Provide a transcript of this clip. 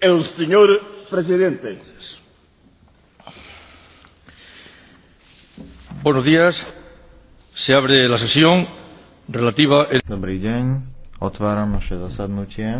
El señor presidente. Buenos días. Se abre la sesión relativa... Dobrý deň. Otváram naše zasadnutie.